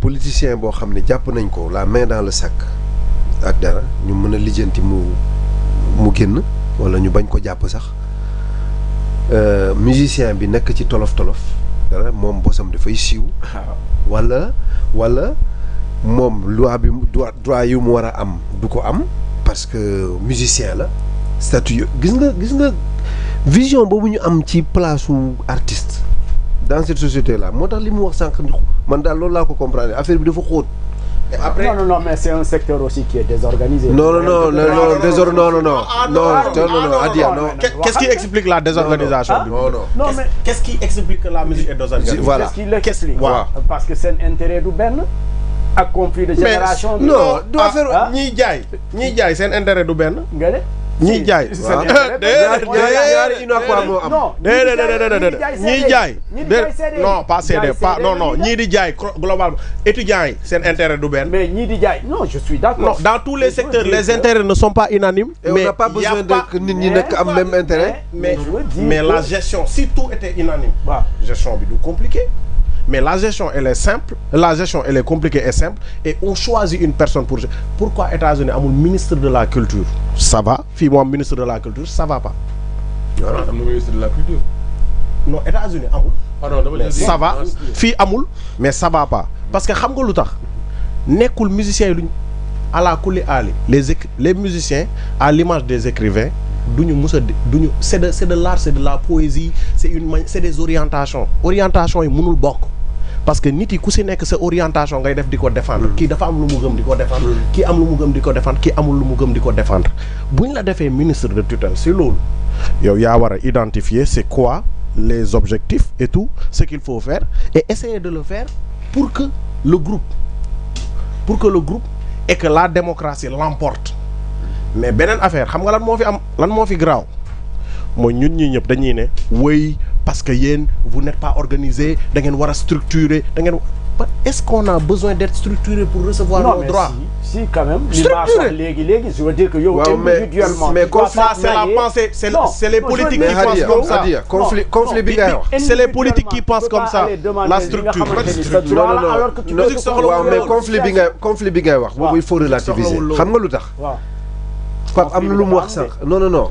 politicien bo xamné ne nañ ko la main dans le sac ak dara ñu mëna lijeenti mu mu génn wala ñu bañ ko japp sax euh, musicien bi nekk ci tolof tolof dara moom bosam fay siiw. walla walla mom loi bi droit yu mu wara am du ko am parce que musicien la statut gis nga gis nga vision boobu ñu am ci place artiste dans cette société là motax limu li wax man dal loolu la ko comprendre affaire bi dafa xóot. après non non non mais c'est un secteur aussi qui est désorganisé. non non non non désor non non non non ah, non ah, ah, Adia non. qu'est-ce qui explique la désorganisation non non non mais qu'est-ce qui explique que la musique est désorganisée. voilà qu'est-ce qui l'explique. lui? parce que un intérêt du Ben. ak conflit de génération. non doo faire ñiy jaay ñiy jaay seen intérêt du Ben. ngalé ñiy jaay non pas CD non non Ni di globalement étudiants c'est un intérêt mais non je suis d'accord dans tous les secteurs les intérêts ne sont pas unanimes on n'a pas besoin de que même intérêt mais la gestion si tout était unanime la bah. gestion bi compliquée. mais la gestion elle est simple la gestion elle est compliquée et simple et on choisit une personne pour pourquoi États-Unis un ministre de la culture ça va fii mu ministre de la culture ça va pas. Ah, non ministre de la culture. non États-Unis Amoul. pardon dama mais ça va ah, fii Amoul, mais ça va pas parce que xam nga lu tax musicien ala les les musiciens à l'image des écrivains duñu duñu c'est de de l'art c'est de la poésie c'est une c'est des orientations orientations yi mënul bokk parce que nit yi ku si nekk sa orientation ngay def di ko défendre kii dafa am lu mu gëm di ko défendre hmm. kii am lu mu gëm di ko défendre kii amul lu mu gëm di ko défendre buñ la defee ministre de tutelle si loolu yow yaa war a identifier c'est quoi les objectifs et tout ce qu'il faut faire et essayer de le faire pour que le groupe pour que le groupe et que la démocratie l'emporte mais beneen affaire xam nga lan moo fi am lan moo fi graaw mooy ñun ñi ñëpp dañuy ne wéy parce que vous n'êtes pas organisé vous ngeen pas structuré est-ce qu'on a besoin d'être structuré pour recevoir nos droits si, si, quand même. Structuré légui, légui, je veux dire que yo, ouais, individuellement. Mais, mais comme ça, c'est la pensée, c'est les politiques qui pensent comme ça. Conflit, conflit binaire. C'est les politiques qui pensent comme ça. La structure. Non, non, non. Alors que tu non, mais conflit binaire, conflit il faut relativiser. Non, non, non.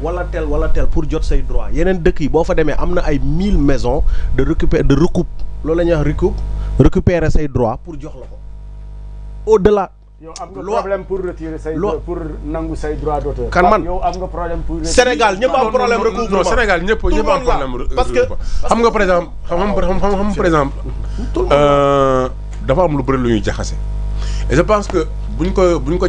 Voilà tel voilà tel pour jot droit Il y a des qui ont maisons de récupérer de recoupe recoupe récupérer say droit pour jox au delà. yow problème pour retirer say pour nangu say droit d'auteur. problème pour. Sénégal il n'y problème pas Sénégal problème. parce que par exemple par et je pense que si ko buñ ko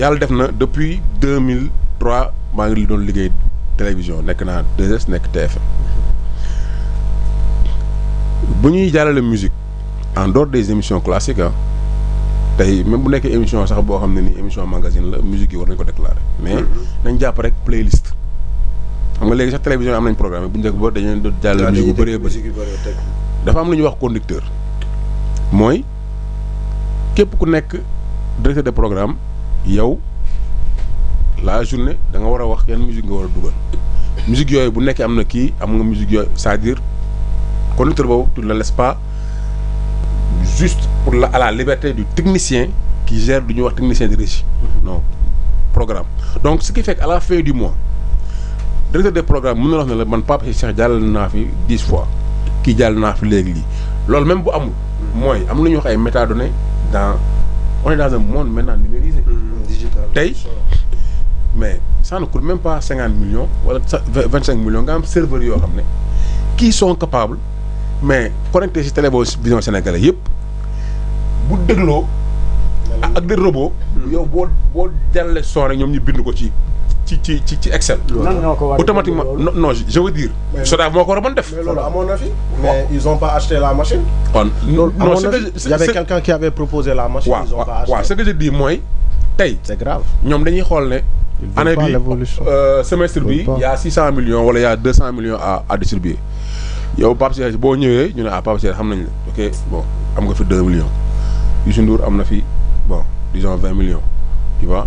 yalla def na depuis 2003 maa ngi doon liggéey télévision nek na 2S nek TFM buñuy ñuy musique en dehors des émissions classiques ah même bu nek émission sax bo xamné ni émission magazine la musique yi war nañ ko déclarer. mais mm-hmm. nañ japp rek playlist. xam nga légui sax télévision am nañ programme bu njëkk ba dañu doon jàllale musique bu bëree bëri dafa am luñu wax conducteur moy képp ku nek directeur de programme yow la journée da nga wara wax yan musique nga war a musique yoy bu nekkee amna ki am nga musique yoy c'est-à-dire conducteur boobu tu ne le laisses pas juste pour la à la liberté du technicien qui gère du wax technicien de régie mhm. non programme donc ce qui fait qu'à la fin du mois directeur des programmes mën na wax ne man Pape Cheikh jàllale naa fi 10 fois ki jàll naa fi légui lii même bu amul moy mhm. am na ñu wax ay métadonnées dans on est dans un monde maintenant numérisé. Mm, digital. Mais ça ne coûte même pas 50 millions, 25 millions, quand même, serveurs qui sont capables, mais connecter ces télévisions sénégalais, yep, bout de l'eau, avec des robots, ils vont dire les soirées, ils vont ci ci ci Excel. automatiquement non je veux dire. SODAV moo ko war def. mais mais ils ont pas acheté la machine. Non, non y avait quelqu'un qui avait proposé la machine. ils ont pas acheté waaw ce que je dis moi, tey c'est grave ñoom dañuy xool ne. année bi euh, semestre bi y a 600 millions wala y a 200 millions à à distribuer yow pap Cheikh bo ñëwee ñu ne pap ah, Pape xam nañ la ok bon am nga fi 2 millions Youssou Ndour am na fi bon disons 20 millions tu vois.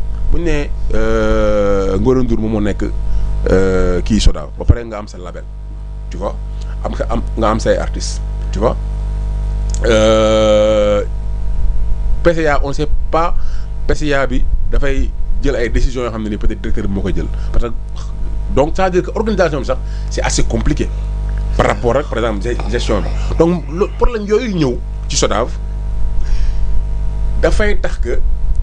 bu ñu nee euh, Ngora Ndour moom moo nekk euh, kii ba pare nga am sa label tu vois am nga am nga am say artistes tu vois euh, PCA on sait pas PCA bi fay jël ay décision yo xam ni peut-être directeur bi moo jël parce que donc ça veut dire que organisation sax c'est assez compliqué par rapport à, par exemple gestion donc le problème yooyu ñëw ci Sodav fay tax que.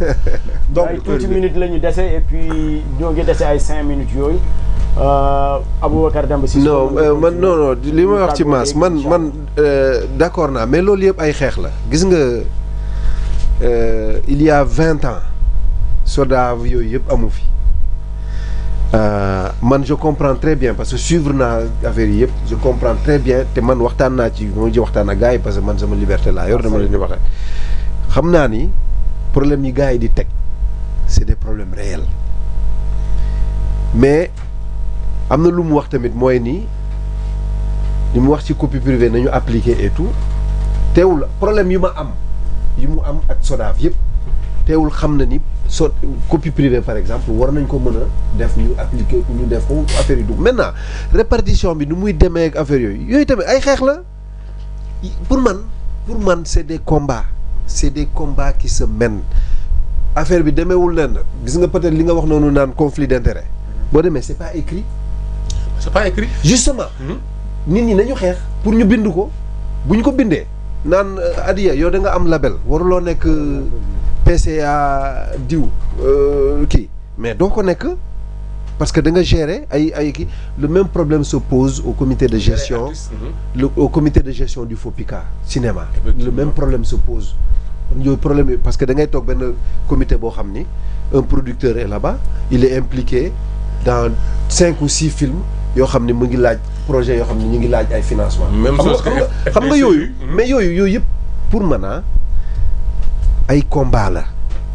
donc minutes et puis minutes euh, euh, non non non euh, mais il y a 20 ans yoy yeb amu man je comprends très bien parce que suivre je comprends très bien te man ci parce que man sama liberté yor Problème yi gars di tek c'est des problèmes réels mais amna lu mu wax tamit moy ni li mu wax ci copie privée nañu appliquer et tout teewul problème yu ma am yi mu am ak SODAV yëpp teewul xamna ni copie privée par exemple war nañ ko mën def ñu appliquer ñu def ko affaire yi maintenant répartition bi nu muy démé ak affaire yoy yoy tamit ay xex la pour man pour man c'est des combats c'est des combats qui se mènent affaire bi demeewul lenn gis nga peut-être li nga wax noonu nan conflit d'intérêt Bo demee c'est pas écrit c'est pas écrit justement hmm? nit ñi nañu xex pour ñu bind ko bu ko bindé Nan euh, Adia yo da nga am label lo nek euh, PCA diw euh, kii mais do ko nek parce que de gérer le même problème se pose au comité de gestion mhm. le, au comité de gestion du FOPICA cinéma le même problème se pose problème parce que da ngay toog comité boo xam un producteur est là-bas il est impliqué dans cinq ou six films yo xamni ne mu ngi laaj projet yo xamni ñi ngi laaj ay financement même chose xam nga yoyu mais yoyu yoyu pour mana, ah, ay combat la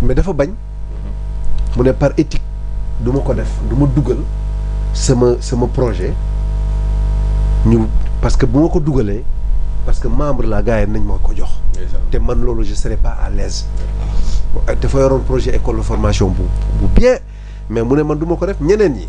mais dafa bagn mm-hmm. mune par éthique du ko def duma ma sama sama projet ñu parce que bu ma ko dugalee parce que membre la gars yi nañ mako jox. té man lolu je serai pas à l'aise dafa yoron projet école de formation bu bien mais mune man du ko def ñeneen yi